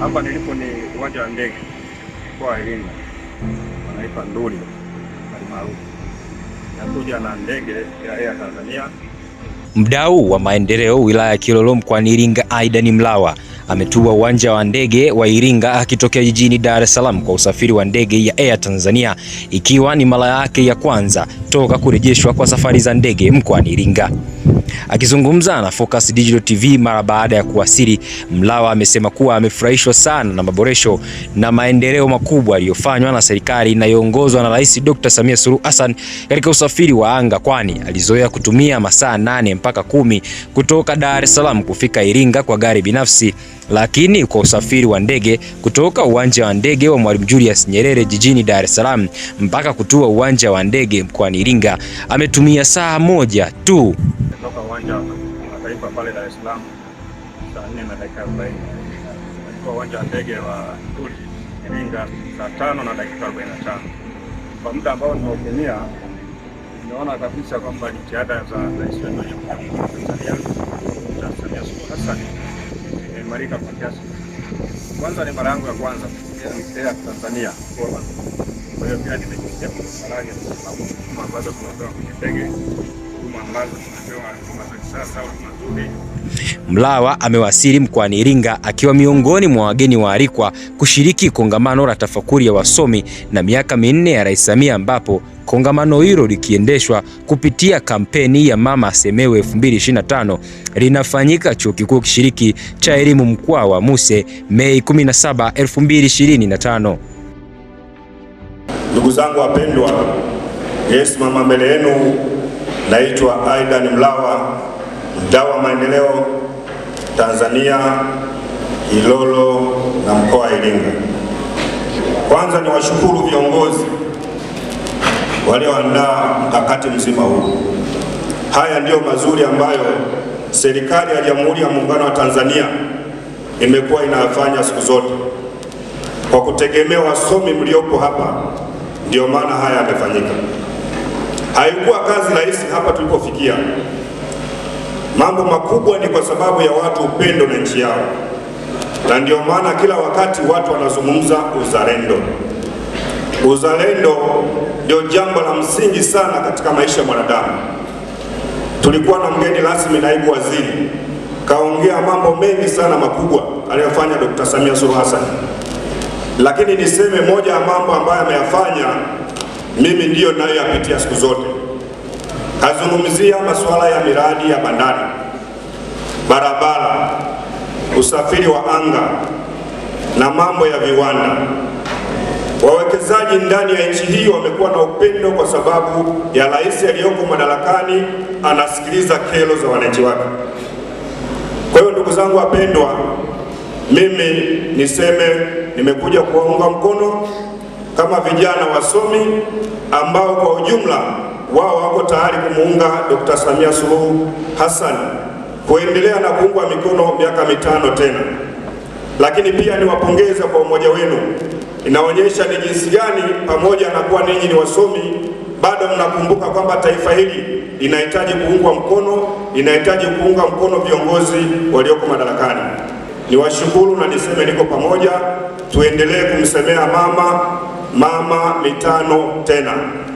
Hapa nilipo ni uwanja wa ndege kwa Iringa, wanaita Nduli almaarufu. Nakuja na ndege ya Air Tanzania. Mdau wa maendeleo wilaya ya Kilolo mkoani Iringa, Aidan Mlawa ametua uwanja wa ndege wa Iringa akitokea jijini Dar es Salaam kwa usafiri wa ndege ya Air Tanzania, ikiwa ni mara yake ya kwanza toka kurejeshwa kwa safari za ndege mkoani Iringa. Akizungumza na Focus Digital TV mara baada ya kuwasili, Mlawa amesema kuwa amefurahishwa sana na maboresho na maendeleo makubwa yaliyofanywa na serikali inayoongozwa na Rais Dr. Samia Suluhu Hassan katika usafiri wa anga, kwani alizoea kutumia masaa nane mpaka kumi kutoka Dar es Salaam kufika Iringa kwa gari binafsi, lakini kwa usafiri wa ndege kutoka uwanja wa ndege wa Mwalimu Julius Nyerere jijini Dar es Salaam mpaka kutua uwanja wa ndege mkoani Iringa ametumia saa moja tu kutoka pale Dar es Salaam saa nne na dakika arobaini alikuwa uwanja wa ndege wa Tuli Iringa saa tano na dakika arobaini na tano Kwa muda ambao nimeupimia, nimeona kabisa kwamba jitihada za rais wetu wa Jamhuri ya Tanzania Dkt. Samia Suluhu Hassan imeimarika kwa kiasi. Kwanza ni mara yangu ya kwanza kuia Tanzania kwa hiyo pia nimejisikia kwenye sababu ambazo tunapewa kwenye ndege Mlawa amewasili mkoani Iringa akiwa miongoni mwa wageni waalikwa kushiriki kongamano la tafakuri ya wasomi na miaka minne ya Rais Samia ambapo kongamano hilo likiendeshwa kupitia kampeni ya Mama Asemewe 2025 linafanyika Chuo Kikuu Kishiriki cha Elimu Mkoa wa Muse Mei 17, 2025. Ndugu zangu wapendwa, Yesu mama mbele yenu Naitwa Aidan Mlawa, mdau wa maendeleo Tanzania, Ilolo na mkoa wa Iringa. Kwanza ni washukuru viongozi walioandaa mkakati mzima huu. Haya ndiyo mazuri ambayo serikali ya Jamhuri ya Muungano wa Tanzania imekuwa inayafanya siku zote kwa kutegemea wasomi mliopo hapa, ndiyo maana haya yamefanyika. Haikuwa kazi rahisi hapa tulipofikia. Mambo makubwa ni kwa sababu ya watu upendo na nchi yao, na ndio maana kila wakati watu wanazungumza uzalendo. Uzalendo ndio jambo la msingi sana katika maisha ya mwanadamu. Tulikuwa na mgeni rasmi, naibu waziri kaongea mambo mengi sana makubwa aliyofanya Dr. Samia Suluhu Hassan, lakini niseme moja ya mambo ambayo ameyafanya mimi ndiyo nayoyapitia siku zote. Azungumzia masuala ya miradi ya bandari, barabara, usafiri wa anga na mambo ya viwanda. Wawekezaji ndani ya nchi hii wamekuwa na upendo kwa sababu ya rais aliyoko madarakani anasikiliza kero za wananchi wake. Kwa hiyo ndugu zangu wapendwa, mimi niseme nimekuja kuwaunga mkono kama vijana wasomi ambao kwa ujumla wao wako tayari kumuunga Dr. Samia Suluhu Hassan kuendelea na kuungwa mikono miaka mitano tena. Lakini pia niwapongeze kwa umoja wenu, inaonyesha ni jinsi gani pamoja na kuwa ninyi ni wasomi bado mnakumbuka kwamba taifa hili linahitaji kuungwa mkono, linahitaji kuunga mkono viongozi walioko madarakani. Niwashukuru na niseme niko pamoja, tuendelee kumsemea mama mama mitano tena.